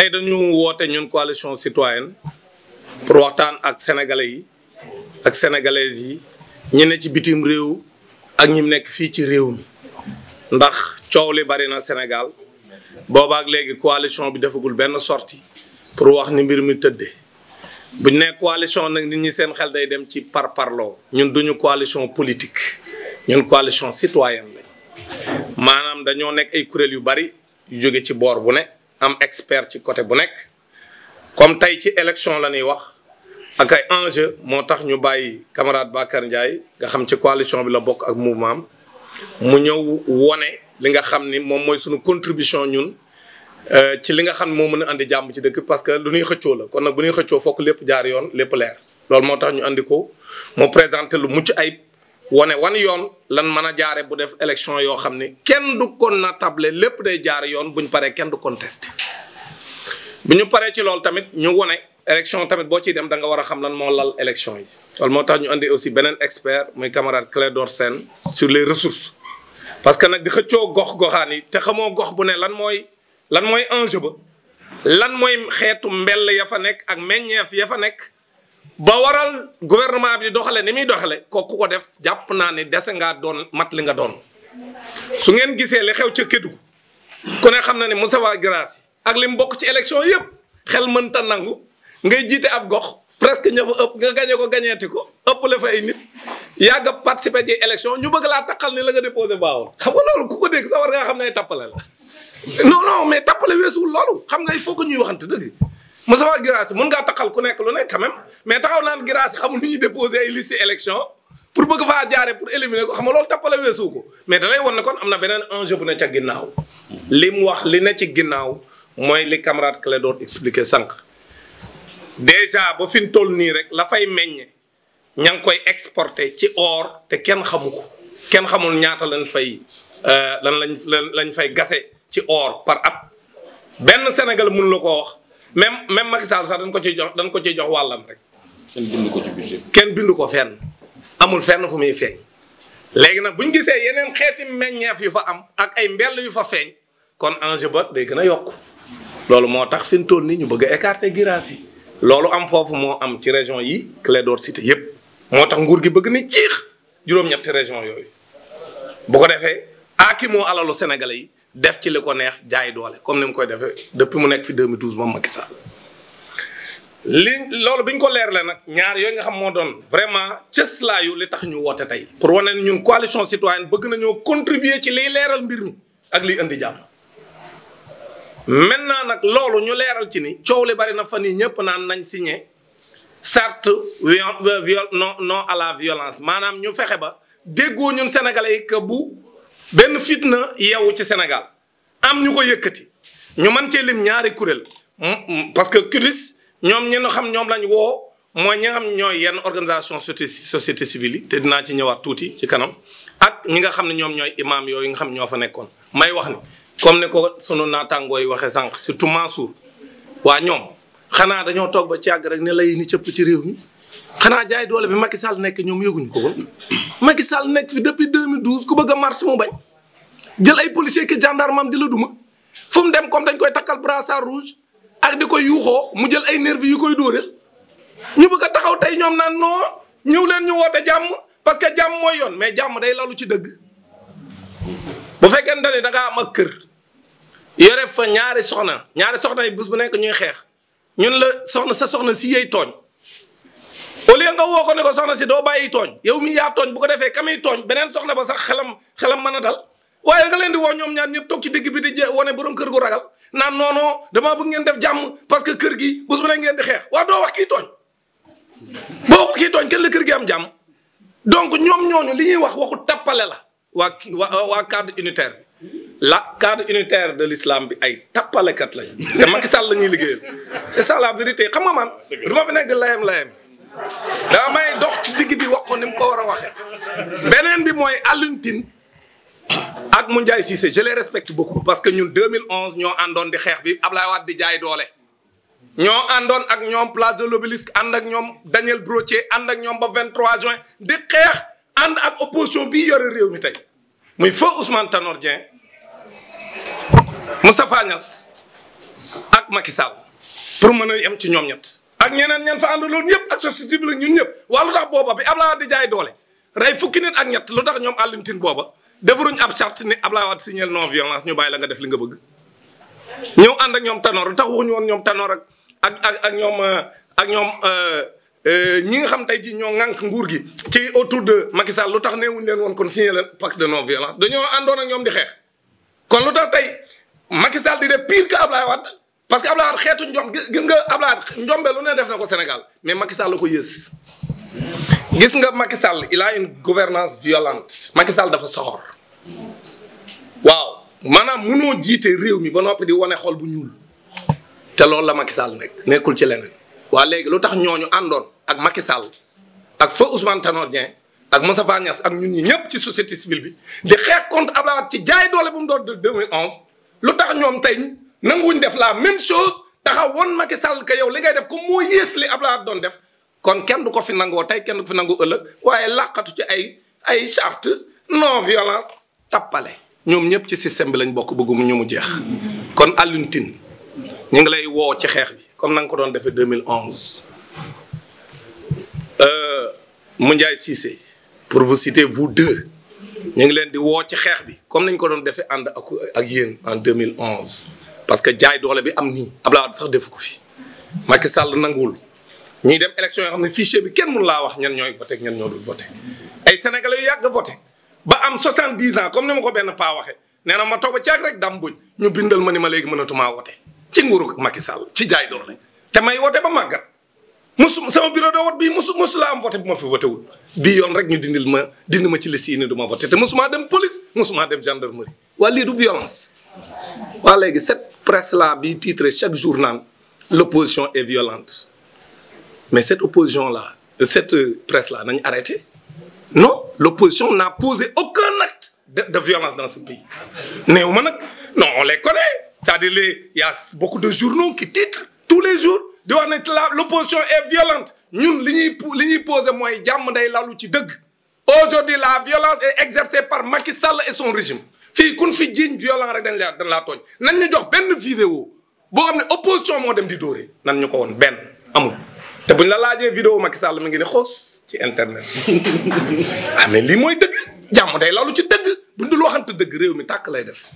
tey dañu woote ñun coalition citoyenne pour waxtaan ak sénégalais yi ak sénégalaises yi ñu ne ci bitim réew ak ñi nekk fii ci réew mi ndax coow li bari na Sénégal boobaak léegi coalition bi defagul benn sortie pour wax ni mbir mi tëdde buñ ne coalition nag nit ñi seen xel day dem ci par parlo ñun duñu coalition politique ñun coalition citoyenne lañ maanaam dañoo nekk ay kuréel yu bari yu jóge ci boor bu ne am expert ci côté bu nekk comme tey ci élection la ñuy wax ak ay enjeu moo tax ñu bàyyi camarade Bakar Ndiaye nga xam ci coalition bi la bokk ak mouvement am mu ñëw wone li nga xam ni moom mooy sunu contribution ñun euh, ci li nga xam ne moo mën a indi jàmm ci dëkk parce que lu ñuy xëccoo la kon nag bu ñuy xëccoo fokk lépp jaar yoon lépp leer loolu moo tax ñu andi ko mu présenté lu mucc ayib. wane wan yoon lan mën a jaare bu def élection yoo xam ni kenn du kon na table lépp day jaar yoon bu ñu paree kenn du contesté bu ñu paree ci loolu tamit ñu wane élection tamit boo ciy dem da nga war a xam lan moo lal élection yi. loolu moo tax ñu indi aussi beneen expert muy camarade Clédor seen sur les ressources parce que nag di xëccoo gox goxaan yi te xamoo gox bu ne lan mooy lan mooy enjeu ba lan mooy xeetu mbel ya fa nekk ak meññeef ya fa nekk. ba waral gouvernement bi doxale ni muy doxale kooku ko def jàpp naa ne dese ngaa doon mat li nga doon su ngeen gisee li xew ca Kédougou ko ne xam na ne Moustapha grace ak li mbokk ci élection yëpp xel mënta nangu ngay jiite ab gox presque ña fa ëpp nga gañe ko gañeeti ko ëppale fa ay nit yàgg a participer ci élection ñu bëgg laa taxal ni la nga déposé baawoon xam nga loolu ku ko dégg sa war ngaa xam na ay tappale la non mais tappale weesuwul loolu xam nga il faut que ñuy waxante dëgg Moustapha grace mun ngaa taxal ku nekk lu nekk quand mais taxaw naan Guirassy xamul nu ñuy déposé ay liste élection pour bëgg faa jaare pour éliminer ko xam nga loolu tappale weesu ko mais da lay won ne kon am na beneen enjeu bu ne ca ginnaaw li mu wax li ne ci ginnaaw mooy li camarade Clédor expliqué sànq déjà ba fi mu toll nii rek la fay meññe ña ngi koy exporté ci or te kenn xamu ko kenn xamul ñaata lañ fay euh, lan lañ lañ fay gase ci or par at benn Sénégal mun la wax même même Macky sax dañ ko ciy jox dañ ko ciy jox wàllam rek. kenn bind ko ci fenn amul fenn fu muy feeñ. léegi nag bu ñu gisee yeneen xeeti meññeef yu fa am ak ay mbell yu fa feeñ kon enjeu ba day gën a yokku loolu moo tax fi mu toll ni ñu bëgg a écarter yi. loolu am foofu moo am ci région yi Clédor Cité yépp moo tax nguur gi bëgg ni ciix juróom-ñetti région yooyu bu ko defee aaki moo alalu Sénégalais yi. def ci li ko neex jaay doole comme ni mu koy defee depuis mu nekk fi 2012 moom Macky Sall li loolu bi ñu ko leerle nag ñaar yooyu nga xam moo doon vraiment cëslaayu li tax ñu woote tey. pour wane ne ñun coalition citoyenne bëgg nañoo contribuer ci liy leeral mbir mi ak liy indi jàmm maintenant nag loolu ñu leeral ci ni coow li bari na fan yii ñëpp naan nañ signé charte euh, non non à la violence maanaam ñu fexe ba déggoo ñun sénégalais yi que bu. benn fitna yeewu ci Sénégal am ñu ko yëkkati ñu man cee lim ñaari kuréel parce que kilis ñoom ñenn xam ñoom lañ woo mooy ñi nga xam ñooy yenn organisation société civile yi te dinaa ci ñëwaat tuuti ci kanam ak ñi nga xam ne ñoom ñooy imaam yooyu nga xam ñoo fa nekkoon may wax ni comme ne ko sunu naataangoo yi waxee sànq surtout Mansour waa ñoom xanaa dañoo toog ba ci àgg rek ne lay ni cëpp ci réew mi xanaa jaay doole bi Macky Sall nekk ñoom yoguñu ko woon Macky Sall nekk fi depuis 2012 ku bëgg a marche mu bañ jël ay policier ki gendarme di la duma fu mu dem comme dañ koy takkal brassard rouge ak di koy yuuxoo mu jël ay nervi yu koy dóoreel ñu bëgg a taxaw tay ñoom naan non ñëw leen ñu woote jàmm parce que jàmm mooy yoon mais jàmm day lalu ci dëgg bu fekkente ne da am ak kër yore fa ñaari soxna ñaari soxna yi bés bu nekk ñuy xeex ñun la soxna sa soxna si yey tooñ. au lieu nga woo ko ne ko soxna si doo bàyyi tooñ yow mi yaa tooñ bu ko defee kamay tooñ beneen soxna ba sax xelam xelam mën a dal waaye nga leen di woo ñoom ñaar ñëpp ci digg bi di je wane borom kër gu ragal naan non non damaa bëgg ngeen def jàmm parce que kër gi bés bu ne ngeen xeex waa doo wax kii tooñ boo ko kii kër gi am jàmm donc ñoom ñooñu li ñuy wax waxu tappale la waa waa waa cadre unitaire bi la cadre unitaire de l'islam bi ay tappalekat lañ te Macky Sall la ñuy liggéeyal c'est ça la vérité xam nga man du ma nekk di layam layam damay dox ci digg bi wax ko ni war a waxee beneen bi mooy Alioune ak mu Moundiaye Cissé je les respecte beaucoup parce que ñun deux mille 2011 ñoo àndoon di xeex bi Ablaye Wade di jaay doole. ñoo àndoon ak ñoom place de l'Obélisque ànd ak ñoom Daniel Brottier ànd ak ñoom ba 23 juin di xeex ànd ak opposition bi yore réew mi tey muy feu Ousmane Tanor Dieng Moustapha Niass ak Macky Sall pour mën a yem ci ñoom ñett. ak ñeneen ñeen fa àndaloon ñëpp ak société civile ñun ñëpp waa lu tax booba bi Ablaye Wade di jaay doole rey fukki nit ak ñett lu tax ñoom Alioune Tine booba defaruñ ab charte ni Ablaye Wade signé non violence ñu la nga def nga bëgg. ñëw ànd ak ñoom Tanor lu tax waxuñu woon ñoom Tanor ak ak ak ñoom ak ñoom euh, euh, ñi nga xam tey jii ñoo ŋànk nguur gi. ci autour de Macky lu tax neewuñ leen woon kon signé leen pacte de non violence dañoo àndoon ak ñoom di xeex kon lu tax tey Macky Sall di def pire que Ablaye Wade parce que Abdoulaye Wade xeetu njom nga Abdoulaye Wade njombe lu ne def na ko Sénégal mais Macky Sall la ko yées gis nga Macky Sall il a une gouvernance violente Macky dafa soxor waaw maanaam mënoo jiite réew mi ba noppi di wane xol bu ñuul te loolu la Macky Sall nekk nekkul ci leneen waa léegi lu tax ñooñu àndoon ak Macky Sall ak feu Ousmane Tanor Dieng ak Moustapha Niasse ak ñun ñi ñëpp ci société civile bi di xeex contre Abdoulaye Wade ci jaay doole bu mu doon de 2011 lu tax ñoom tey. nanguwuñ def la même chose taxaw woon Macky Sall ka yow li ngay def ko moo yées li Abdoulaye doon def kon kenn du ko fi nangoo tey kenn du fi nangoo ëllëg waaye làqatu ci ay ay charte non violence tappale ñoom ñëpp ci système bi lañ bokk bëggum ñu mu jeex kon Alioune ñu ngi lay woo ci xeex bi comme na nga ko doon defee 2011 euh, Moundiaye Cissé pour vous citer vous deux ngi leen di woo ci xeex bi comme nañ ko doon defee ànd ak ak yéen en 2011 parce que jaay doole bi am nii Abdoulaye Wade sax defu fi Macky Sall nanguwul ñuy dem élection yoo xam ne fichier bi kenn mun laa wax ñan ñooy voté ñan ñoo dul voté. ay sénégalais yu yàgg voté ba am 70 ans comme ni ma ko benn paa waxee na ma toog ba caag rek bindal ma ni ma léegi mënatumaa ci nguuru Macky Sall ci jaay doole te may voté ba màggat. musu sama bureau oo vote bii musu musu laa am voté bu ma fi voté wul bii yoon rek ñu dindil ma dindi ma ci liste yi ni du ma voté te maa dem police musumaa dem gendarmerie waa lii du violence presse là bi titre chaque jour naan l'opposition est violente mais cette opposition là cette presse là nañu arrêté non l'opposition n'a posé aucun acte de, de violence dans ce pays néew ma nag non on les connaît c'est-à-dire les il y a beaucoup de journaux qui titrent tous les jours di wax ne la l'opposition est violente ñun li ñuy li ñuy posé mooy jàmm day lalu ci dëgg aujourd'hui la violence est exercée par Macky Sall et son régime fii kun fi jiiñ violent rek dañ laa dañ laa tooñ nañ ñu jox benn vidéo boo xam ne opposition moo dem di dóore nan ñu ko woon benn amul te buñ la laajee vidéo Macky Sall mi ngi ne xoos ci internet ah mais lii mooy dëgg jàmm day lalu ci dëgg buñ dul waxante dëgg réew mi tàkk lay def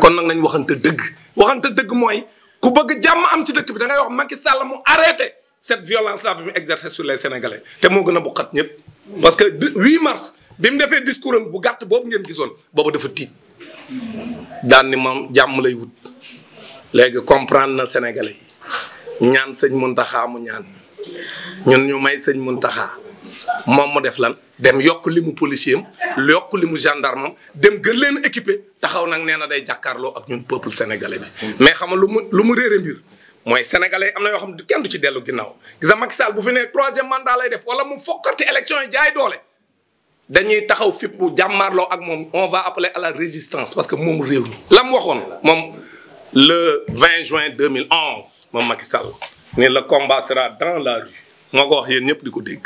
kon nag nañ waxante dëgg waxante dëgg mooy ku bëgg jàmm am ci dëkk bi da ngay wax Macky Sall mu arrêté cette violence là bi mu exercé su les sénégalais te moo gën a bu xat ñëpp parce que 8 mars bi mu defee discours am bu gàtt boobu ngeen gisoon boobu dafa tiit daan ni moom jàmm lay wut léegi comprendre na sénégalais yi ñaan sëñ mun taxaa mu ñaan ñun ñu may sëñ mun Muntaxa moom mu def lan dem yokk li mu policier yokk li mu gendarme am dem gën leen équipé taxaw nag nee na day jàkkaarloo ak ñun peuple sénégalais bi. mais xam nga lu mu lu mu réere mbir mooy sénégalais am na yoo xam kenn du ci dellu ginnaaw gis nga Macky Sall bu fi nee troisième mandat lay def wala mu fokkati élection yi jaay doole. dañuy taxaw fipp bu jàmmaarloo ak moom on va appeler à la résistance parce que moom réew mi. la mu waxoon moom le 20 juin 2011 moom Macky Sall ne le combat sera dans la rue moo ko wax yéen ñëpp di ko dégg.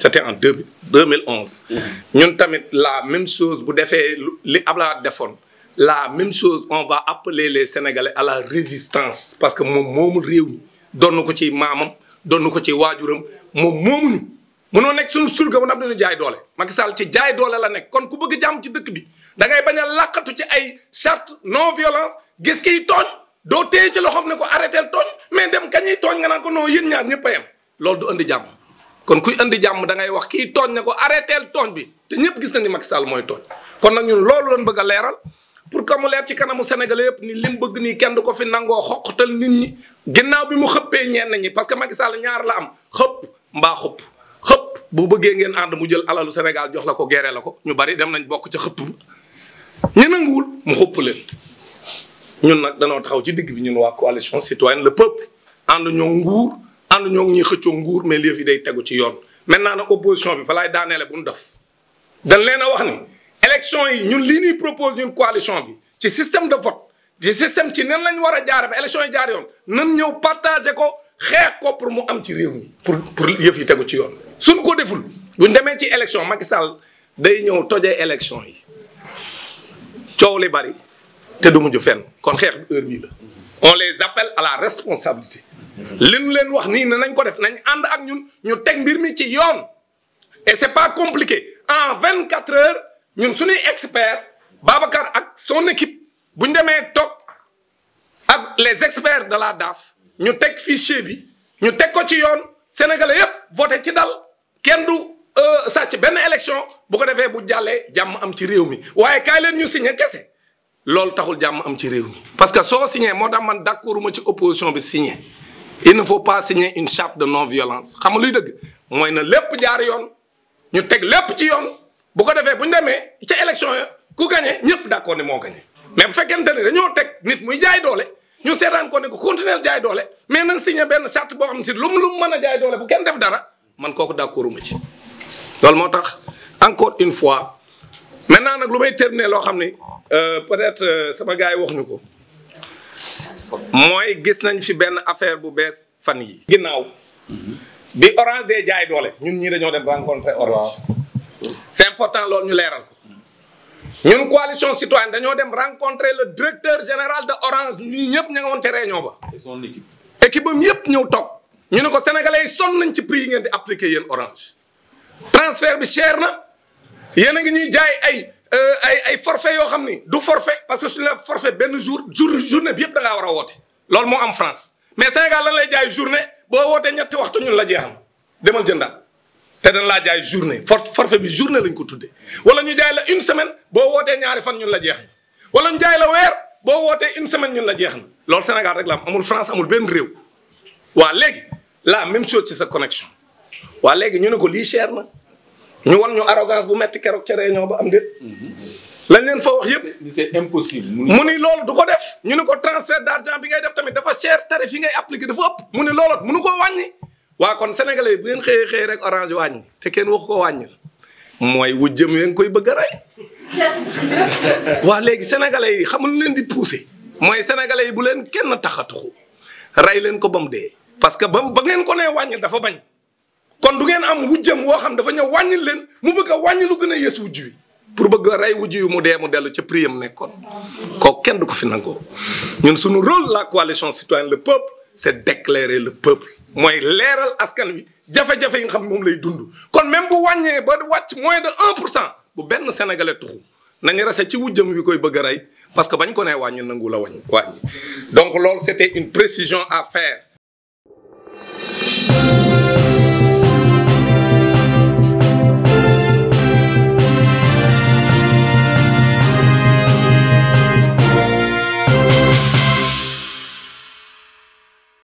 c'était en deux mille 2011. ñun tamit la même chose bu defee li Ablaye defoon. la même chose on va appeler les sénégalais à la résistance parce que moom moomu réew mi doon na ko ci maamam doon na ko ci waajuram moom moomuñu mënoo nekk suñu surga ba noppi dañu jaay doole Macky Sall ci jaay doole la nekk kon ku bëgg jàmm ci dëkk bi da ngay bañ a làqatu ci ay charte non violence gis kiy tooñ doo téye ci loxoom ne ko arrêté tooñ mais dem kañuy tooñ nga naan ko non yéen ñaar ñëpp yem loolu du andi jàmm kon kuy andi jàmm da ngay wax kiy tooñ ne ko arrêté tooñ bi te ñëpp gis na ni Macky mooy tooñ kon nag ñun loolu lañ bëgg a leeral pour que mu leer ci kanamu Sénégalais yëpp ni lim bëgg nii kenn du ko fi nangoo xoqatal nit ñi ginnaaw bi mu xëppee ñeen ñenn ñi parce que Macky Sall ñaar la am xëpp mbaa xëpp bu bëggee ngeen ànd mu jël alalu Sénégal jox la ko géré la ko ñu bari dem nañ bokk ca xëpp ñu nanguwul mu xëpp leen ñun nag danoo taxaw ci digg bi ñun waa coalition citoyenne le peuple ànd ñoo nguur ànd ñoo ñuy xëccoo nguur mais lëf yi day tegu ci yoon maintenant nag opposition bi fa laay daaneele bu ñu def dañ leen a wax ni élection yi ñun lii ñuy propose ñun coalition bi ci système de vote ci système ci nen lañ war a jaare ba élection yi jaar yoon nan ñëw partagé ko xeex ko pour mu am ci réew mi pour pour yëf yi tegu ci yoon suñ ko deful buñ demee ci élection Macky day ñëw tojee élection yi coow li bari te du mujj fenn kon xeex bi heure bii la on les appelle à la responsabilité li leen wax nii ne nañ ko def nañ ànd ak ñun ñu teg mbir mi ci yoon et c'est pas compliqué en vingt quatre heures ñun suñuy expert Babacar ak son équipe bu ñu demee toog ak les experts de la DAF ñu teg fichier bi ñu teg ko ci yoon sénégalais yépp voté ci dal kenn du euh, sàcc benn élection bu ko defee bu jàllee jàmm am ci réew mi waaye kaay leen ñu signé kese loolu taxul jàmm am ci réew mi. parce que soo signé moo tax man d'accord ma ci opposition bi signé il ne faut pas signer un charte de non violence xam nga luy dëgg mooy na lépp jaar yoon ñu teg lépp ci yoon bu ko defee bu ñu demee ca élection ya ku gagné ñëpp d'accord ni moo gagné mais bu fekkente ne dañoo teg nit muy jaay doole. ñu seetaan ko ne ko continuer jaay doole mais nañ signé benn charte boo xam si lu lu mu mën a jaay kenn def dara man kooku d'accord ma ci loolu moo tax encore une fois maintenant nag lu may terminer loo xam ne euh, peut-être euh, sama gars yi wax ñu ko mooy gis nañ fi benn affaire bu bees fan yi ginnaaw bi Orange dee jaay doole ñun ñii dañoo dem rencontrer Orange c'est important loolu ñu leeral ko ñun coalition citoyenne dañoo dem rencontrer le directeur général de Orange ñun ñëpp ña nga woon ca réunion ba. et son équipe. équipe yëpp ñëw toog. ñu ne ko sénégalais yi sonn nañ ci prix yi ngeen di appliquer yéen orange transfert bi cher na yéen a ngi ñuy jaay ay euh, ay ay forfait yoo xam ni du forfait parce que suñu la forfait benn jour jour journée bi yëpp da war a loolu moo am France mais Sénégal lay jaay journée boo wootee ñetti waxtu ñun la jeexam demal jënda te dañ laa jaay journée for forfait bi journée lañ ko tuddee wala ñu jaay la une semaine boo wootee ñaari fan ñun la jeex na wala ñu jaay la weer boo wootee une semaine ñun la jeex na loolu Sénégal rek la am amul France amul benn réew. waa léegi la même chose ci sa connexion waa léegi ñu ne ko lii cher na ñu wan ñu arrogance bu metti keroog cere réunion ba am déet mhm. lañ leen fa wax yëpp c'est impossible mu ni loolu du ko def ñu ne ko transfert d'argent bi ngay def tamit dafa cher tarif yi ngay appliqué dafa ëpp mu ni looloot mënu ko wàññi waa kon sénégalais bu leen xëyee xëyee rek orange wàññi te kenn wax ko wàññil mooy wu jëm yéen koy bëgg a rey waa léegi sénégalais yi xamul leen di poussé mooy sénégalais yi bu leen kenn taxatuxu rey leen ko ba mu dee parce que ba ba ngeen ko nee wàññil dafa bañ kon du ngeen am wujjam woo xam dafa ñëw wàññil leen mu bëgg a wàññi lu gën a yees wujj wi pour bëgg a rey wujj yu mu dee mu dellu ci prix am nekkoon kooku kenn du ko fi nangoo ñun suñu rôle la coalition citoyenne le peuple c'est d'éclairer le peuple mooy leeral askan wi jafe-jafe yi nga xam moom lay dund kon même bu wàññee ba wàcc moins de un pour cent bu benn sénégalais tuxu nañu rase ci wujjam wi koy bëgg a rey parce que bañ ko nee wàññi nangu la wàññi wàññi donc loolu c'était une à faire